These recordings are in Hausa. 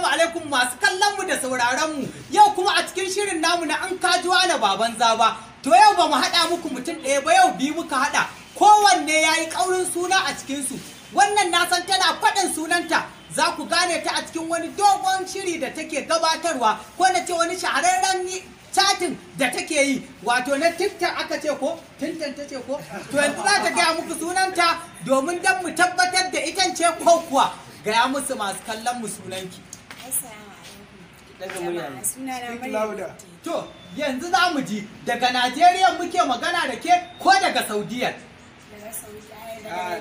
Assalamu alaikum masu kallon mu da sauraron mu. Yau kuma a cikin shirin namu na an kajuwa na baban zaba. To yau ba mu haɗa muku mutum ɗaya ba yau biyu muka haɗa. Kowanne ya yi ƙaurin suna a cikinsu. Wannan na san tana faɗin sunanta za ku gane ta a cikin wani dogon shiri da take gabatarwa ko na ce wani shahararren chatting da take yi wato na tiktok aka ce ko tintan ta ce ko to yanzu za ta gaya muku sunanta domin don mu tabbatar da ita ce ko kuwa gaya musu masu kallon mu sunanki To, yanzu za mu ji daga Najeriya muke magana da ke ko daga Saudiya? Ah,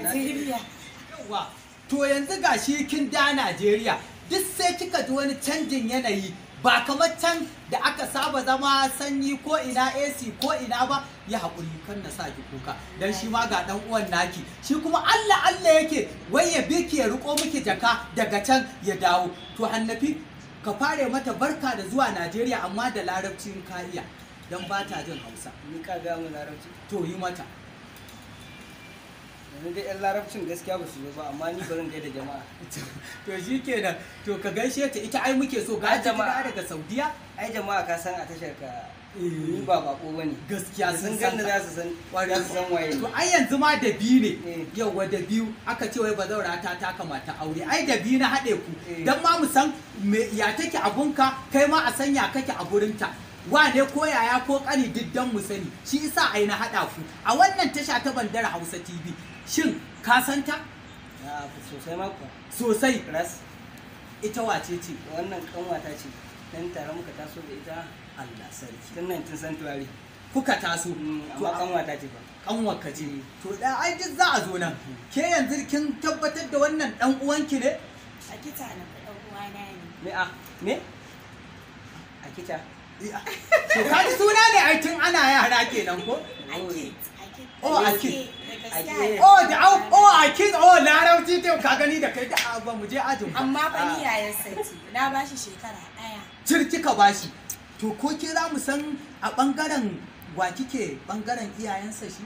to yanzu gashi kin da Najeriya, duk sai kika ji wani canjin yanayi ba kamar can da aka saba zama sanyi ko ina AC ko ina ba ya haƙuri kan na sa ki kuka dan shi ma ga dan uwan naki shi kuma Allah Allah yake wai ya bi ki ya riko miki jaka daga can ya dawo to hannafi ka fare mata barka da zuwa Najeriya amma da larabcin kariya dan ba ta jin Hausa ni ka ga mu larabci to yi mata yanzu dai yan larabcin gaskiya ba su zo ba amma ni barin gaida jama'a to shi kenan to ka gaishe ta ita ai muke so ga jama'a daga saudiya ai jama'a ka san a tashar ka eh. ni ba bako bane gaskiya sun ganni za su san kwari su san waye to ai yanzu ma da biyu ne eh. yawa da biyu aka ce wai bazaura ta ta kamata aure ai da biyu na haɗe ku eh. dan ma mu san ya take abunka kai ma a sanya kake a gurinta wane ko yaya ko kani diddan mu sani shi isa ai na haɗa ku a wannan tasha ta bandar Hausa TV shin ka san ta? sosai mako sosai ras ita wace ce wannan kanwata ce dan tare muka taso da ita Allah sarki tun 19 kuka taso mm, amma kanwata ce ba kanwarka ce mm. to da ai duk za a zo nan mm. ke yanzu kin tabbatar da wannan dan uwanki ne Akita na dan uwana ne me a me akita kita to ji suna ne ai tun ana yara kenan ko a oh a kid oh da au oh, oh a kid oh larabci te ka gani da kai da ba mu je ajin amma ba ni ah. yayin sati na shi shekara daya cirki ka shi. to ko kira mu san a bangaren wa kike bangaren iyayensa shi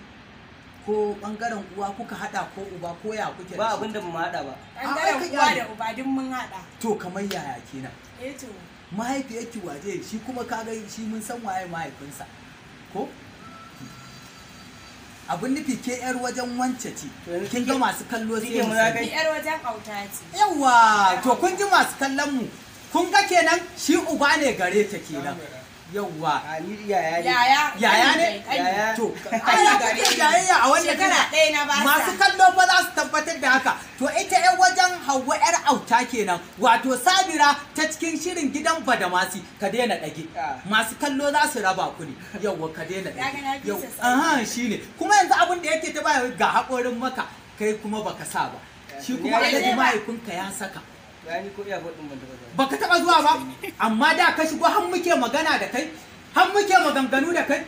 ko bangaren uwa kuka hada ko uba ko ya kuke ba abinda mu hada ba bangaren uwa da uba duk mun hada to kamar yaya kenan eh to mahaifiyarki waje shi kuma kaga shi mun san waye mahaifinsa ko abin nufi ke yar wajen wance ce kin ga masu kallo sai mu zaga yar wajen auta ce yawa to kun ji masu kallon mu kun ga kenan shi uba ne gare ta kenan yawa yaya ne yaya ne to ai ga yaya a wannan kana masu kenan wato sabira ta cikin shirin gidan badamasi ka daina dage ah. masu kallo za su raba ku ne yawwa ka daina dage yau aha shine kuma yanzu abin da yake ta ba ga hakorin maka kai kuma baka sa ba eh, shi kuma alhaji ka ya saka baka taba zuwa ba amma da ka shigo har muke magana da kai har muke maganganu da kai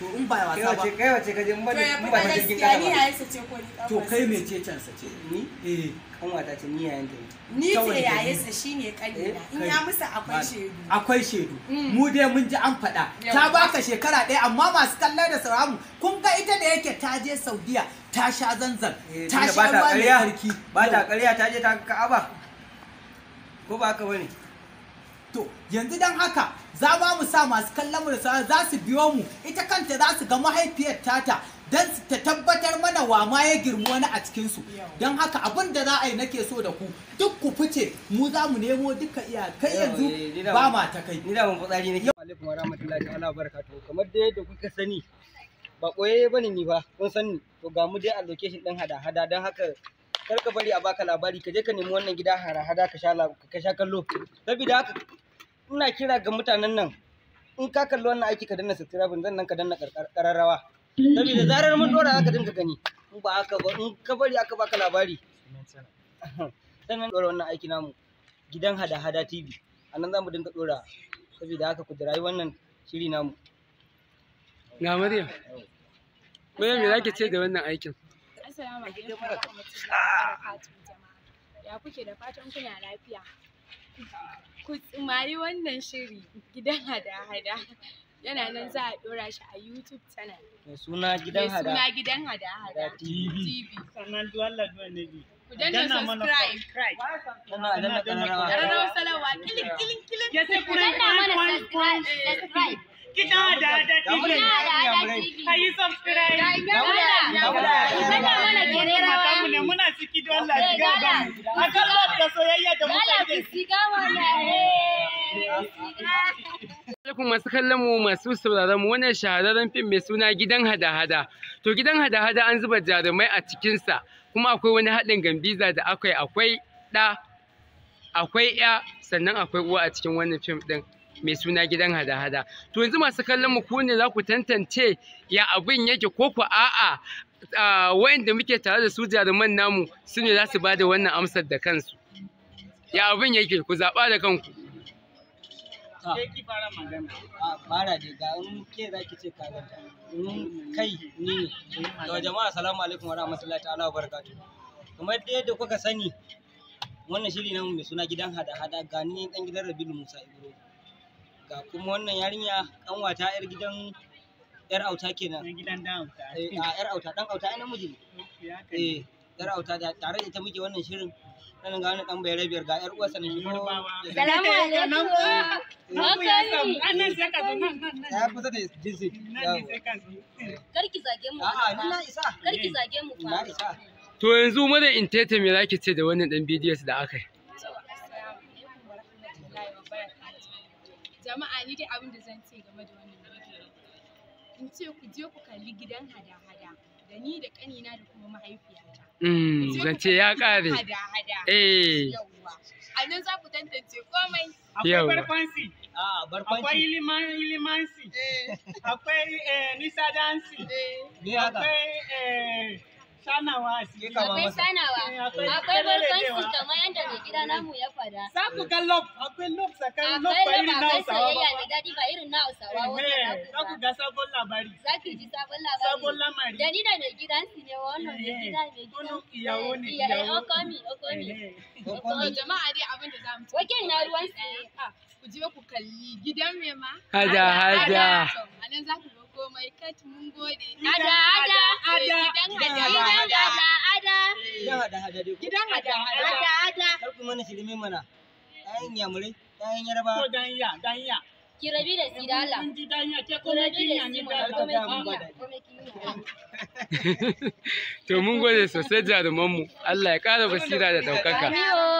to in ba wasa ba kai wace kaje mun ba mun ba jirgin kasa eh. eh, ba ni yayansa ce ko ni to kai me ce can cansa ce ni eh kanwata ce ni yayan ta ni ce yayansa shine kanina in ya musa akwai shedu akwai mm. shedu mu dai mun ji an fada, ta baka shekara ɗaya amma masu kallon da sauraron kun ga ita da yake ta je Saudiya ta sha zanzan eh, ta sha ruwa mai sarki ba ta ƙarya ta je ta ka'aba ko ba ka bane to yanzu dan haka za ba mu sa masu kallon mu da sauran za su biyo mu ita kanta za su ga mahaifiyar tata don ta tabbatar mana wa ma ya girmu wani a cikinsu don haka abin da za a yi nake so da ku duk ku fice mu za mu nemo duka iya kai yanzu eh, ba ma ta kai ni da ban fitsari nake alaikum wa rahmatullahi ta'ala barakatuhu kamar da yadda kuka sani ba koyaye bane ni ba kun sani to ga mu dai a location din hada hada don haka kar ka bari a baka labari ka je ka nemi wannan gida hara hada ka sha ka sha kallo saboda haka ina kira ga mutanen nan in ka kalli wannan aiki ka danna subscribe zan nan ka danna kararrawa saboda zarar mun dora zaka dinga gani in ba haka ba in ka bari aka baka labari sannan dora wannan aiki namu gidan hada-hada TV a nan za mu dinga dora saboda haka ku jirayi wannan shiri namu ga Maryam Maryam me zaki ce ga wannan aikin Assalamu alaikum Ya kuke da fatan kuna lafiya? Ku tsumari wannan shiri gidan hada-hada. Yana nan za a ɗora shi a YouTube channel. Mai suna gidan hada. Mai suna gidan hada-hada. TV. Sannan duwalla ne Ku danna subscribe. danna salawa kilin kilin kilin. ku danna mana subscribe. TV. a yi subscribe dauda muna ciki don Allah shiga ga a kallon da soyayya da mutane shiga alaikum masu kallon mu masu sauraron mu wannan shahararren fim mai suna gidan hada-hada to gidan hada-hada an zuba jarumai a cikinsa kuma akwai wani haɗin gambiza da akwai akwai ɗa akwai ya sannan akwai uwa a cikin wannan fim ɗin mai suna gidan hada-hada to yanzu masu kallon mu ku ne za ku tantance ya abin yake ko ku a'a wayanda muke tare da su jaruman namu su ne za su bada wannan amsar da kansu ya abin yake ku zaɓa da kanku ke fara magana fara ga in ke zaki ce ka in kai ni ne to jama'a assalamu alaikum wa rahmatullahi ta'ala wa barakatuh kamar da yadda kuka sani wannan shiri na mai suna gidan hada-hada ga ni ɗan gidan Rabiul Musa Ibrahim. ga kuma wannan yarinya wata yar gidan yar auta kenan gidan dan auta eh yar auta dan auta ai miji eh yar auta da tare da ita muke wannan shirin nan ga wani dan bayar biyar ga yar uwarsa ne shi ko salamu alaikum nan ya samu eh. nan sai ka zo nan ya fita da jinsi nan eh. karki zage mu a'a ni na isa karki zage mu fa na isa to yanzu madan da intete me zaki ce da wannan dan bidiyon da aka yi jama'a ni dai abin da zan ce game da wannan bidiyo in ce ku je ku kalli gidan hada-hada da ni da kanina da kuma mahaifiyata hmm, zan ce ya kare eh. a nan za ku tantance komai akwai barfansi ah, akwai limansi eh. akwai eh, nisa dansi akwai Shanawa su kama Akwai sanawa. Eh, akwai barkwanci kamar yadda mai gida namu ya fada. Za ku ga lob, akwai lob tsakanin lob ba irin na Hausawa ba. Akwai lob, akwai daɗi ba irin na Hausawa wanda eh, za ku Za ku ga sabon labari. Za ji sabon labari. Sabon lamari. Da ni da mai gidan su ne wannan mai eh, gida mai gida. Kunu iyawo ne iyawo. okomi oh, okomi. Oh, okomi. Oh, Jama'a dai abin da za mu ci. Wakil na ruwan tsaye. Ah, ku je ku kalli gidan Rema. Haja haja. A nan za ku mun gode. Ada ada ada gidan ada ada ada ada ada ada ada mana mana. Ɗayan ɗayan Ko ya, ya. Ki rabi da si ji ya ce da To mun gode sosai jaruman mu. Allah ya ƙara basira da ɗaukaka.